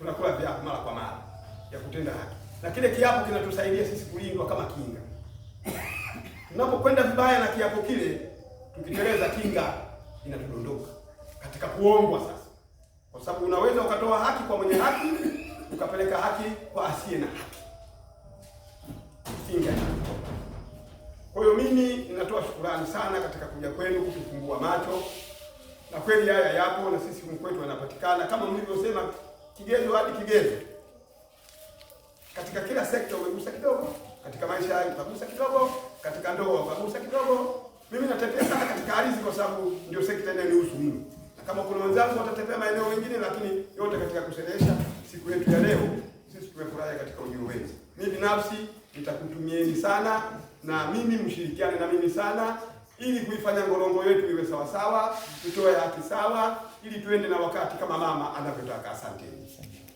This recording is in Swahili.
tunakula viapo mara kwa mara ya kutenda haki, na kile kiapo kinatusaidia sisi kulindwa kama kinga. Tunapokwenda vibaya na kiapo kile, tukiteleza, kinga inatudondoka katika kuombwa sasa, kwa sababu unaweza ukatoa haki kwa mwenye haki ukapeleka haki kwa asiye na haki, kinga Kwa hiyo mimi ninatoa shukurani sana katika kuja kwenu kutufungua macho, na kweli haya yapo na sisi mkwetu yanapatikana kama mlivyosema kigezo hadi kigezo. Katika kila sekta umegusa kidogo, katika maisha yako ukagusa kidogo, katika ndoa ukagusa kidogo. Mimi natetea sana katika ardhi kwa sababu ndio sekta inayonihusu mimi, na kama kuna wenzangu watatembea maeneo mengine, lakini yote katika kusherehesha siku yetu ya leo, sisi tumefurahi katika ujio wenu. Mimi binafsi nitakutumieni sana, na mimi mshirikiane na mimi sana ili kuifanya Ngorongo yetu iwe sawa sawa, tutoe haki sawa, ili tuende na wakati kama mama anavyotaka. Asante.